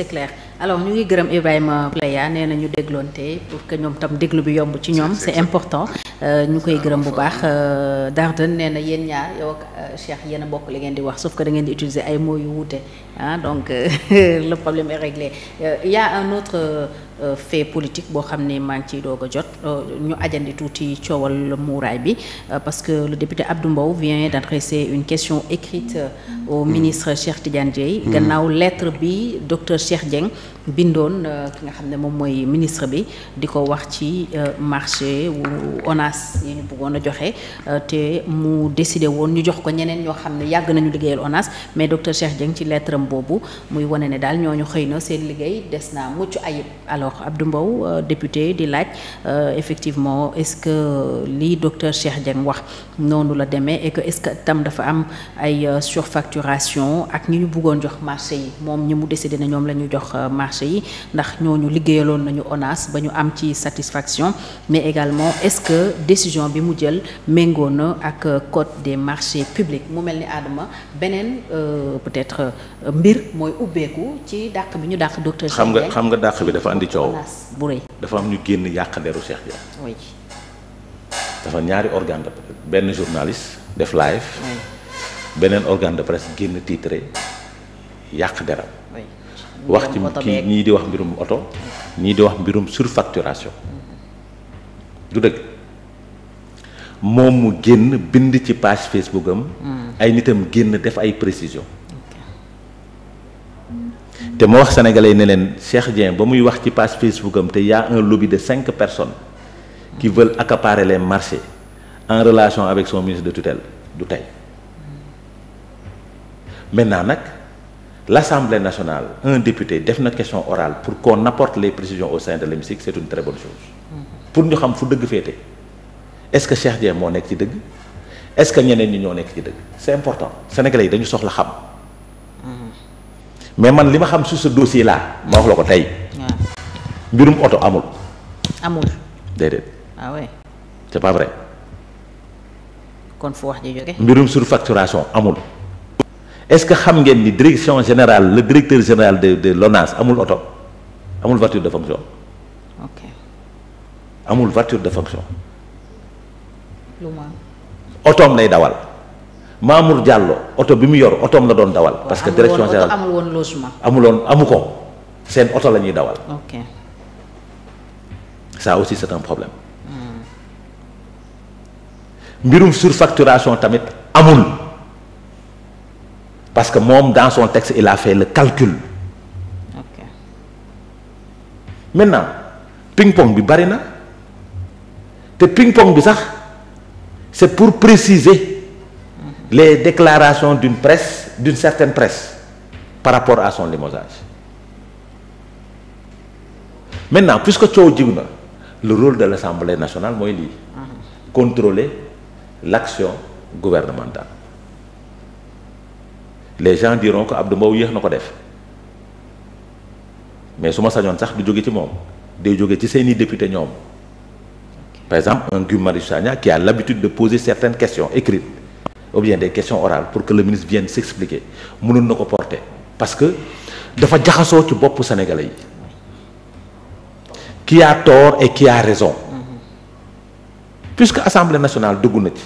c'est clair alors ñu ngi gërëm Ibrahima Pleya nee na ñu dégloonte pour que ñoom tam déglu bi yomb ci ñoom c'est important euh, ñu koy gërëm bu baax euh, Darden nee na yéen ñaar yow ak euh, Cheikh yéen bokk li ngeen di wax sauf que da ngeen di utiliser ay mots yu wuute ah donc la problème est réglé il y a Euh, fait politique boo xam ne maa ngi ciy doog a jot euh, ñu ajandi tuuti coowal muuraay bi euh, parce que le député Abdou Mbow vient d'adresser une question écrite au mm. ministre Cheikh Tidiane Dièye mm. gannaaw lettre bi docteur Cheikh Dieng bindoon euh, ki nga xam ne moom mooy ministre bi di ko wax ci euh, marché wu ONAS yi ñu bëggoon a joxe euh, te mu décidé woon ñu jox ko ñeneen ñoo xam ne yàgg nañu liggéeyal ONAS mais docteur Cheikh Dieng ci lettre boobu muy wane ne daal ñooñu xëy na seen liggéey des naa mucc ayib alors Abdou Mbow député di laaj effectivement est-ce que lii docteur Cheikh Dieng wax noonu la demee et que est-ce que tam dafa am ay surfacturation ak ñi ñu buggoon jox marché yi moom ñi mu décidé ne ñoom la jox marché marché yi ndax ñooñu liggéeyaloon nañu ONAS ba ñu am ci satisfaction mais également est-ce que décision bi mu jël méngoo na ak code des marché publics mu mel ni Adama beneen euh, peut-être euh, mbir mooy ubbeeku ci dàq bi ñu dàq docteur. xam nga xam nga dàq bi dafa indi coow. bu rëy dafa am ñu génn yàq deru Cheikh Dia. oui. dafa ñaari organe de benn journaliste def live. beneen organe de presse génn titré yàq deram. wax ci kii ñii di wax mbirum oto ñii di wax mbirum surfacturation du dëgg moom mu génn bind ci page Facebook am hmm. ay nitam génn def ay précision te moo wax sénégalais ne leen Cheikh Dieng ba muy wax ci page Facebook am te y a un lobby de cinq personnes qui veulent accaparer les marchés en relation avec son ministre de tutelle du tey hmm. maintenant nag l'Assemblée nationale un député def na question orale pour qu'on apporte les précisions au sein de l'hémicycle c'est une très bonne chose mhm. pour ñu xam fu dëgg féete est-ce que Cheikh Dieng moo nekk ci dëgg est-ce que ñeneen ñi ñoo nekk ci dëgg c'est important sénégalais yi dañu soxla xam mhm. mais man li ma xam sur ce dossier là ma wax la ko tey mbirum oto amul amul déedéet ah kon fu wax ji jóge mbirum surfacturation amul est-ce que xam ngeen ni direction générale le directeur général de de l'ONAS amul oto amul voiture de fonction. amul voiture de fonction. otoom lay dawal Mamour Diallo oto bi mu yor otoom la doon dawal. parce que direction générale amuloon woon amu ko seen oto la ñuy dawal. ok aussi c'est un problème. Hmm. mbirum surfacturation tamit amul. parce que moom dans son texte il a fait le calcul. ok maintenant ping-pong bi bari na te ping-pong bi sax c'est pour préciser mhm. les déclarations d'une presse d'une certaine presse par rapport à son limogeage maintenant puisque coow jiw na le rôle de l'Assemblée nationale mooy lii. Mhm. contrôler l'action gouvernementale. les gens diront que Abdou Mbow yéex na ko def mais su ma sañoon sax du jóge ci moom day jóge ci seeni député ñoom par exemple un Guy Marius Sagna qui a l'habitude de poser certaines questions écrites ou bien des questions orales pour que le ministre vienne s'expliquer mënoon na ko porter parce que dafa jaxasoo ci bopp sénégalais yi qui a tort et qui a raison puisque Assemblée nationale dugg na ci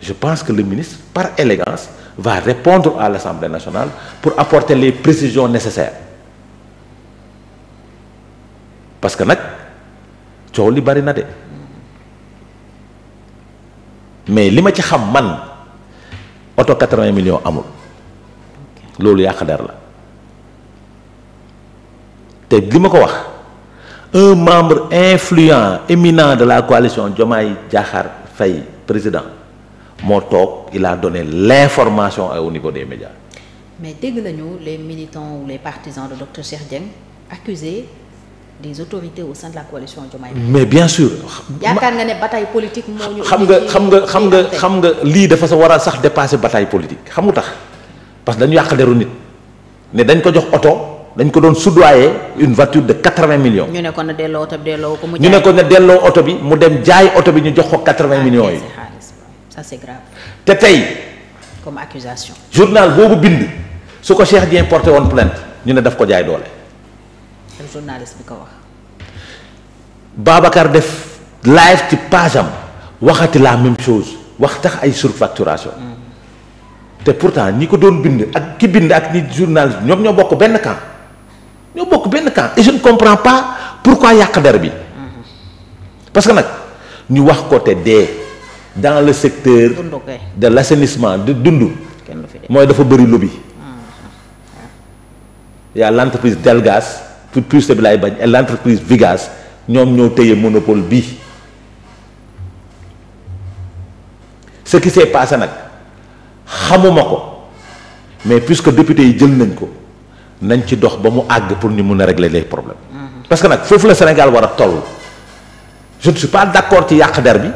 je pense que le ministre par élégance va répondre à l'Assemblée nationale pour apporter les précisions nécessaires parce que nag coow li bari na de mais li ma ci xam man oto 80 millions amul loolu yàq der la te li ma ko wax un membre influent éminent de la coalition Diomaye Diakhar fay président moo toog il a donné l'information au niveau des médias. mais dégg nañu les militants ou les partisans de docteur Cheikh Dieng accusés des autorités au sein de la coalition mais bien sûr. yaakaar nga ne bataille politique moo ñu. xam nga xam nga xam nga xam nga lii dafa sa war a sax dépasser bataille politique xamu tax parce que dañu yàq deru nit ne dañ ko jox oto dañ ko doon soudoyer une voiture de quatre-vingts millions. ñu ne ko ne delloo oto bi mu. dem jaay oto bi ñu jox k quatre-vingts ah, millions yi. ça c'est te tey. comme accusation. journal boobu bind su ko Cheikh Dieng porté woon plainte ñu ne daf ko jaay doole. le journaliste def live ci page waxati la même chose wax tax ay surfacturation. Mm. te pourtant ñi ko doon bind ak ki bind ak ni journaliste ñoom ñoo bokk benn camp ñoo bokk benn camp et je ne comprends pas pourquoi yàq der bi. Mm-hmm. parce que nag ñu wax ko te dee. dans le secteur de l' assainissement du dund mooy dafa bëri lobby mm-hmm. yaa l' entreprise Delgas pour plus bi laay bañ et l' entreprise Vigas ñoom ñoo téye monopole bii ce qui s' est passé nag xamuma ko mais que député yi jël nañ ko nañ ci dox ba mu àgg pour ñu mun a régler les problèmes mm-hmm. parce que nag foofu la Sénégal war a toll je ne pas d' accord ci yàq der bi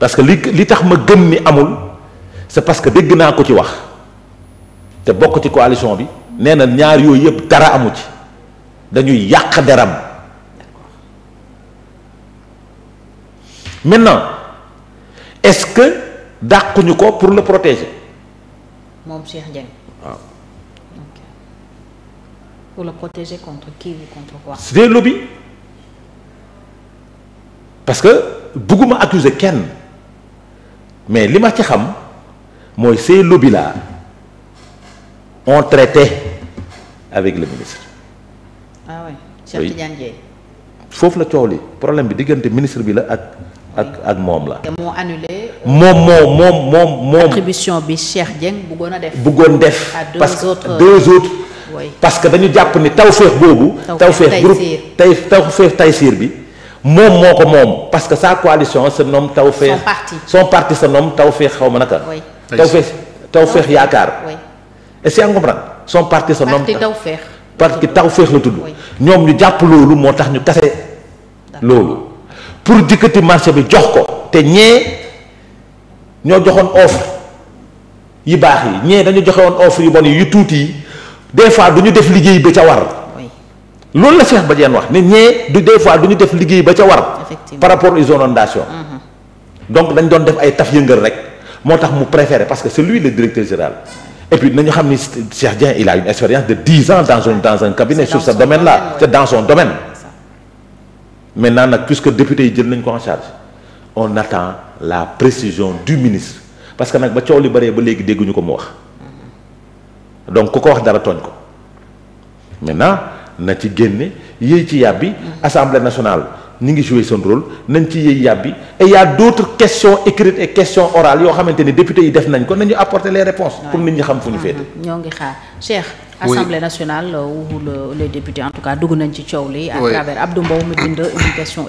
parce que li li tax ma gëm ni amul c'est parce que dégg naa ko ci wax te bokk ci coalition bi nee na ñaar yooyu yëpp dara amu ci dañuy yàq deram maintenant est-ce que dàquñu ko pour le protéger. moom Cheikh Dieng. waaw. pour le protéger contre qui parce que bëgguma accuser kenn. mais li ma ci xam mooy ces lobbies là ont traité avec le ministre. ah foofu la coow li problème bi diggante ministre bi la ak ak ak moom la. moo moom euh, moom moom moom moom. attribution bi Cheikh Dieng bëggoon a def. bëggoon def parce que deux autres. parce que dañu jàpp ni tawféex boobu. tawféex groupe tay Taysiir bi. moom moo ko moom parce que sa coalition se nomme Tawfekh. son parti son parti se nomme Tawfekh xaw ma naka. oui Tawfekh Tawfekh yaakaar. oui est-ce que yaa ngi comprendre son parti se nomme. parti Tawfekh. parti Tawfekh la tudd. ñoom ñu jàpp loolu moo tax ñu kase loolu pour jëkkati marché bi jox ko te ñee ñoo joxoon offre yi baax yi ñee dañu joxe woon offre yu bon yi yu tuuti yi des fois du ñu def liggéey bi ca war. loolu la ba Badiane wax ne ñee du des fois du def liggéey ba ca war. par rapport aux inondations. Mhm. donc dañ doon def ay taf yëngal rek moo tax mu préféré parce que c'est lui le directeur général. et puis nañu xam ni Cheikh Dieng il a une expérience de dix ans dans un dans un cabinet sur ce domaine là c'est dans son domaine. maintenant nag puisque député yi jël nañ ko en charge on attend la précision du ministre parce que nag ba coow li bëree ba léegi dégguñu ko mu wax mhm. ko wax dara tooñ ko na ci génne yéey ci yàbbi assemblée nationale ñu ngi joué seen rôle nañ ci yéey yàbbi et y a d'autres questions écrites questions orales yoo xamante ni député yi def nañ ko nañu apporter les réponses pour nit ñi xam fu ñu féete ñoo ngi xaar Cheikh assemblée nationale wu euh, les députés en tout cas dugg nañ ci coow li à travers Abdou Mbow mi bind une question